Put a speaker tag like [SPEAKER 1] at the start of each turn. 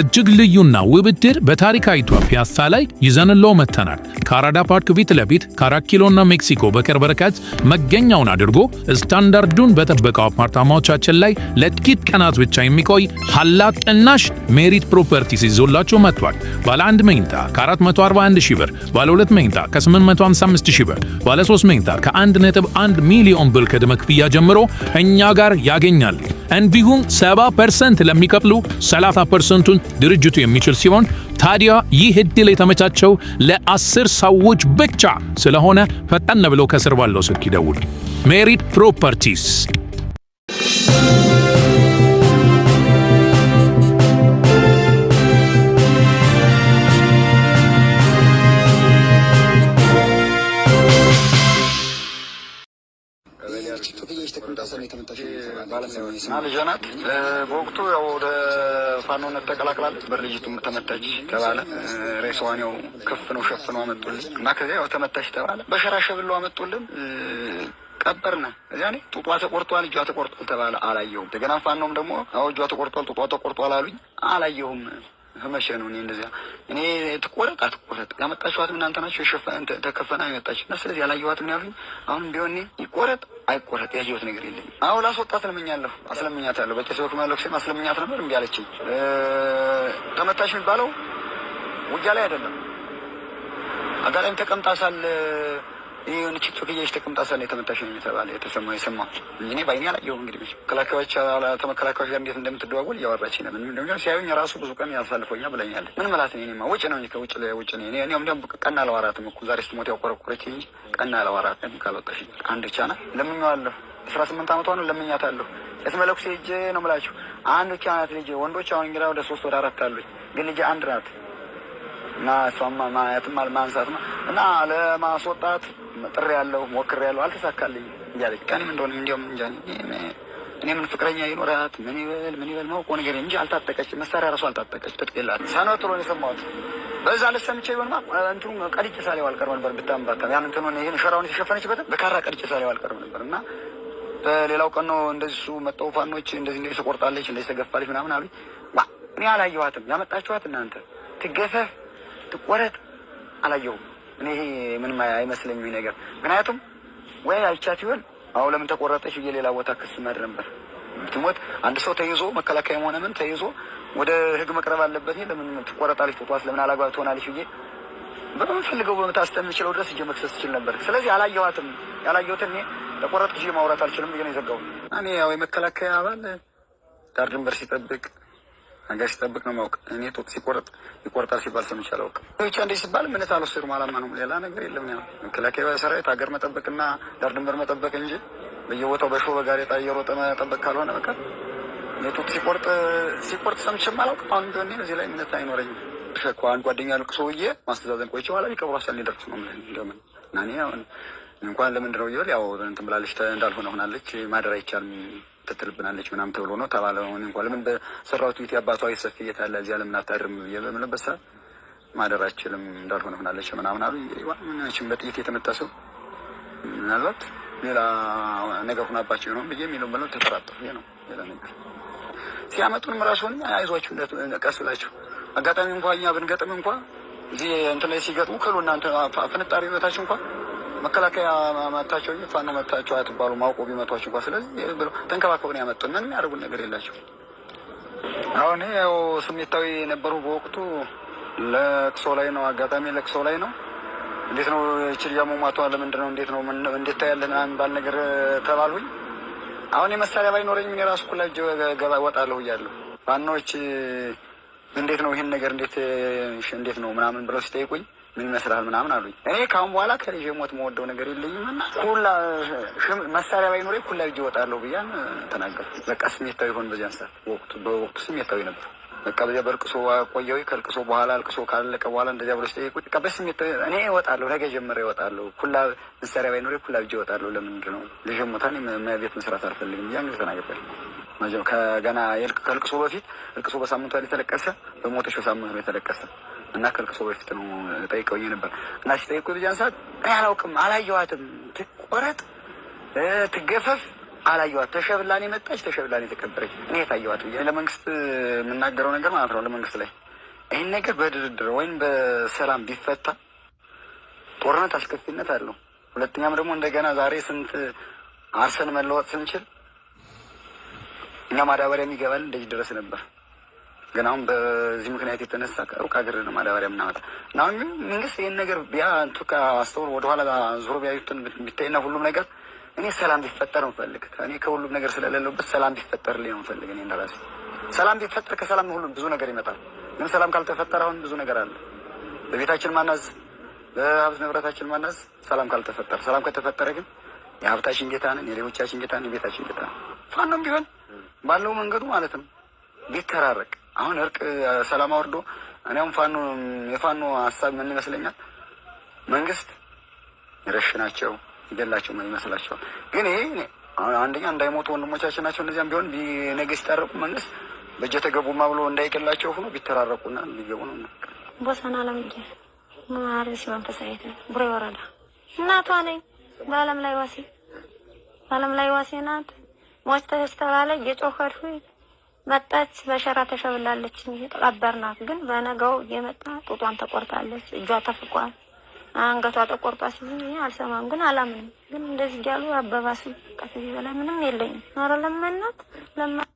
[SPEAKER 1] እጅግ ልዩና ውብ ዕድር በታሪካዊቷ ፒያሳ ላይ ይዘንሎ መጥተናል። ከአራዳ ፓርክ ፊት ለፊት ከአራት ኪሎና ሜክሲኮ በቅርብ ርቀት መገኛውን አድርጎ ስታንዳርዱን በጠበቀው አፓርታማዎቻችን ላይ ለጥቂት ቀናት ብቻ የሚቆይ ሀላቅ ቅናሽ ሜሪት ፕሮፐርቲስ ይዞላችሁ መጥቷል። ባለ 1 መኝታ ከ441 ሺህ ብር፣ ባለ 2 መኝታ ከ855 ሺህ ብር፣ ባለ 3 መኝታ ከ1.1 ሚሊዮን ብር ቅድመ ክፍያ ጀምሮ እኛ ጋር ያገኛል። እንዲሁም 70 ፐርሰንት ለሚከፍሉ 30 ፐርሰንቱን ድርጅቱ የሚችል ሲሆን ታዲያ ይህ እድል የተመቻቸው ለአስር ሰዎች ብቻ ስለሆነ ፈጠን ብለው ከስር ባለው ስልክ ይደውሉ። ሜሪት ፕሮፐርቲስ
[SPEAKER 2] እና ልጅ ናት። በወቅቱ ያው ወደ ፋኖነት ተቀላቅላለች። በልጅቱም ተመታች ተባለ። ሬሳዋን ያው ክፍ ነው ሸፍኖ አመጡልን እና ከዚያ ያው ተመታች ተባለ። በሸራሸብሎ አመጡልን ቀበርነ እዚያ ኔ ጡጧ ተቆርጧል፣ እጇ ተቆርጧል ተባለ። አላየሁም። እንደገና ፋኖም ደግሞ አዎ እጇ ተቆርጧል፣ ጡጧ ተቆርጧል አሉኝ። አላየሁም መቼ ነው እኔ እንደዚያ እኔ ትቆረጥ አትቆረጥ ያመጣችኋትም እናንተ ናቸው ተከፈና ያመጣች እና ስለዚህ ያላየኋትም ነው ያሉኝ። አሁን ቢሆን እኔ ይቆረጥ አይቆረጥ ያየሁት ነገር የለኝ አሁን ላስወጣ ልመኛለሁ አስለምኛት አለሁ በቄስ በኩል ያለው ክሴም አስለምኛት ነበር እምቢ አለችኝ። ተመታች የሚባለው ውጊያ ላይ አይደለም። አጋጣሚ ተቀምጣ ሳል ይህ የሆነ ቲክቶክ እያች ተቀምጣ ሳለ የተመታሽ ነው የተባለ የተሰማ የሰማ እኔ በአይኔ አላየሁም። እንግዲህ መከላከያዎች ተመከላካዮች ጋር እንዴት እንደምትደዋወል እያወራች ነ ምን እንደሚሆን ሲያዩኝ ራሱ ብዙ ቀን ያሳልፈኛ ብለኛል። ምን መላት ነው? እኔማ ውጭ ነው ከውጭ ውጭ ነው እኔ እኔም ደግሞ ቀና አላወራትም እኮ ዛሬ ስትሞት ያቆረቆረች እንጂ ቀና አላወራትም። ካልወጣሽ አንድ ብቻ ናት። ለምኜዋለሁ። አስራ ስምንት አመቷ ነው። ለምኛታለሁ። የስመለኩሴ ልጄ ነው የምላችሁ አንድ ቻናት ናት ልጄ። ወንዶች አሁን እንግዲህ ወደ ሶስት ወደ አራት አሉኝ፣ ግን ልጄ አንድ ናት እና እሷማ ማየትም አልማንሳት እና ለማስወጣት ጥሬ ያለው ሞክሬ ያለው አልተሳካልኝ እያለች ቀንም እንደሆነ እንዲያውም እንጃ እኔ ምን ፍቅረኛ ይኖራት ምን ይበል ምን ይበል ማውቆ ነገር እንጂ አልታጠቀች፣ መሳሪያ ራሱ አልታጠቀች። ትጥቅ የላት ሰነጥሮ የሰማት በዛ ልሰምቼ ይሆንማ እንትኑ ቀድጬ ሳሌው አልቀርም ነበር ብታምባታ ያን እንትኑ ይህን ሸራውን የተሸፈነችበት በካራ ቀድጬ ሳሌው አልቀርም ነበር እና በሌላው ቀን ነው እንደዚህ እሱ መጠው ፋኖች እንደዚህ እንደዚህ ተቆርጣለች እንደዚህ ተገፋለች ምናምን አሉኝ። እኔ አላየኋትም። ያመጣችኋት እናንተ ትገፈፍ ትቆረጥ አላየሁም። እኔ ምንም አይመስለኝ ነገር ምክንያቱም ወይ አይቻት ይሆን አሁን ለምን ተቆረጠች ብዬ ሌላ ቦታ ክስ መድር ነበር። ብትሞት አንድ ሰው ተይዞ መከላከያም ሆነ ምን ተይዞ ወደ ህግ መቅረብ አለበት። ለምን ትቆረጣለች? ጡቷስ ለምን አላግባብ ትሆናለች ብዬ በምንፈልገው በምታስተም የምችለው ድረስ እጄ መክሰስ ትችል ነበር። ስለዚህ አላየኋትም። ያላየሁትን እኔ ተቆረጥኩ ማውራት አልችልም ብዬ ነው የዘጋሁት። እኔ ያው የመከላከያ አባል ዳር ድንበር ሲጠብቅ ነገር ሲጠብቅ ነው ማወቅ። እኔ ጡት ሲቆርጥ ይቆርጣል ሲባል ሰምቼ አላውቅም። ብቻ እንዴ ሲባል ምነት አልወሰዱም። አላማ ነው፣ ሌላ ነገር የለም። ያ መከላከያ ሰራዊት ሀገር መጠበቅና ዳር ድንበር መጠበቅ እንጂ በየቦታው በሾ በጋሬጣ እየሮጠ መጠበቅ ካልሆነ በቃ ጡት ሲቆርጥ ሲቆርጥ ሰምቼም አላውቅም። አሁን ቢሆን እዚህ ላይ እምነት አይኖረኝም። ሸኮ አንድ ጓደኛ ልቅ ሰውዬ ማስተዛዘን ቆይቼ ኋላ አስቻል ሊደርሱ ነው ለምን እና እኔ እንኳን ለምንድነው ነው ያው እንትን ብላለች እንዳልሆነ ሆናለች ማደር አይቻልም ትጥልብናለች ምናም ተብሎ ነው ተባለ። ሆን እንኳ ለምን በሰራዊት ቤት የአባቷ ሰፊ እየታለ እዚያ ለምን አታድርም የምንበት ሰዓት ማደር አይችልም እንዳልሆነ ሆናለች ምናምን አሉ። ምንችን በጥይት የተመታ ሰው ምናልባት ሌላ ነገር ሁናባቸው ነው ብዬ የሚለው ብለው ተጠራጠሩ ነው። ሌላ ነገር ሲያመጡን ምራሱን አይዟችሁ ቀስ ብላችሁ አጋጣሚ እንኳ እኛ ብንገጥም እንኳ እዚህ እንትን ላይ ሲገጥሙ ክሉ እናንተ ፍንጣሪ ህይወታችሁ እንኳን መከላከያ መታቸው እንጂ ፋኖ መታቸው አትባሉ ማውቆ ቢመቷቸው እንኳ ስለዚህ ተንከባከብን ያመጡን ምን የሚያደርጉን ነገር የላቸው። አሁን ያው ስሜታዊ የነበሩ በወቅቱ ለቅሶ ላይ ነው፣ አጋጣሚ ለቅሶ ላይ ነው። እንዴት ነው ችልያ መሟቷ ለምንድን ነው እንዴት ነው እንዴት ምናምን ባል ነገር ተባልሁኝ። አሁን የመሳሪያ ባይኖረኝ ምን የራሱ ኩላ ገባ ወጣለሁ እያለሁ ፋኖች እንዴት ነው ይህን ነገር እንዴት እንዴት ነው ምናምን ብለው ሲጠይቁኝ ምን ይመስላል ምናምን አሉኝ። እኔ ካሁን በኋላ ከልጅ የሞት መወደው ነገር የለኝም እና ሁላ መሳሪያ ባይኖረ ሁላ ልጅ እወጣለሁ ብያን ተናገር። በቃ ስሜታዊ ሆን በዚያን ሰዓት ወቅቱ በወቅቱ ስሜታዊ ነበር። በቃ በዚያ በእልቅሶ ቆየሁ። ከልቅሶ በኋላ እልቅሶ ካለቀ በኋላ እንደዚያ ብሎ ሲጠይቁ በቃ በስሜታዊ እኔ እወጣለሁ፣ ነገ ጀምረ እወጣለሁ፣ ሁላ መሳሪያ ባይኖረ ሁላ ልጅ እወጣለሁ። ለምንድን ነው ልጅ ሞታን ቤት መስራት አልፈልግም ብያን ተናገበል ከገና ከልቅሶ በፊት እልቅሶ በሳምንቱ የተለቀሰ በሞቶች በሳምንቱ ነው የተለቀሰ እና ከልቅሶ በፊት ነው ጠይቀውኝ ነበር እና ሲጠይቁ ብዚያን ሰዓት አላውቅም፣ አላየዋትም፣ ትቆረጥ ትገፈፍ አላየዋት ተሸብላኔ መጣች፣ ተሸብላኔ ተቀበረች። እኔ የታየዋት ብዬ ለመንግስት የምናገረው ነገር ማለት ነው ለመንግስት ላይ ይህን ነገር በድርድር ወይም በሰላም ቢፈታ ጦርነት አስከፊነት አለው። ሁለተኛም ደግሞ እንደገና ዛሬ ስንት አርሰን መለወጥ ስንችል እና ማዳበሪያ የሚገባል እንደዚህ ድረስ ነበር። ግን አሁን በዚህ ምክንያት የተነሳ ከሩቅ ሀገር ነው ማዳበሪያ የምናመጣ እና አሁን መንግስት ይህን ነገር ቢያ ቱካ አስተውሎ ወደኋላ ዞሮ ቢያዩትን ቢታይና ሁሉም ነገር እኔ ሰላም ቢፈጠር እንፈልግ እኔ ከሁሉም ነገር ስለሌለበት ሰላም ቢፈጠር ላይ እንፈልግ እኔ እንደራሴ ሰላም ቢፈጠር ከሰላም ሁሉም ብዙ ነገር ይመጣል። ግን ሰላም ካልተፈጠረ አሁን ብዙ ነገር አለ። በቤታችን ማናዝ፣ በሀብት ንብረታችን ማናዝ ሰላም ካልተፈጠረ። ሰላም ከተፈጠረ ግን የሀብታችን ጌታ ነን፣ የሌቦቻችን ጌታ ነን፣ የቤታችን ጌታ ነን። ፋኖም ቢሆን ባለው መንገዱ ማለት ነው ቢተራረቅ አሁን እርቅ ሰላም አወርዶ እኔም ፋኖ የፋኖ ሀሳብ ምን ይመስለኛል መንግስት ይረሽናቸው ይገላቸው ምን ይመስላቸዋል? ግን ይሄ አንደኛ እንዳይሞቱ ወንድሞቻችን ናቸው። እነዚያም ቢሆን ነገ ሲታረቁ መንግስት በእጀ ተገቡማ ብሎ እንዳይቅላቸው ሆኖ ቢተራረቁና ሊገቡ ነው።
[SPEAKER 3] ቦሰና አለምዬ አርሲ መንፈሳ ቤት ነው ቡሬ ወረዳ እናቷ ነኝ። በአለም ላይ ዋሴ በአለም ላይ ዋሴ ናት። ሞች ተስተባለ እየጮኸር መጣች። በሸራ ተሸብላለች። ቀበርናት። ግን በነገው እየመጣ ጡጧን ተቆርጣለች። እጇ ተፍቋል። አንገቷ ተቆርጧ ሲ አልሰማም፣ ግን አላምንም። ግን እንደዚህ እያሉ አበባሱ ከዚህ በላይ ምንም የለኝም። ኧረ ለመናት ለማ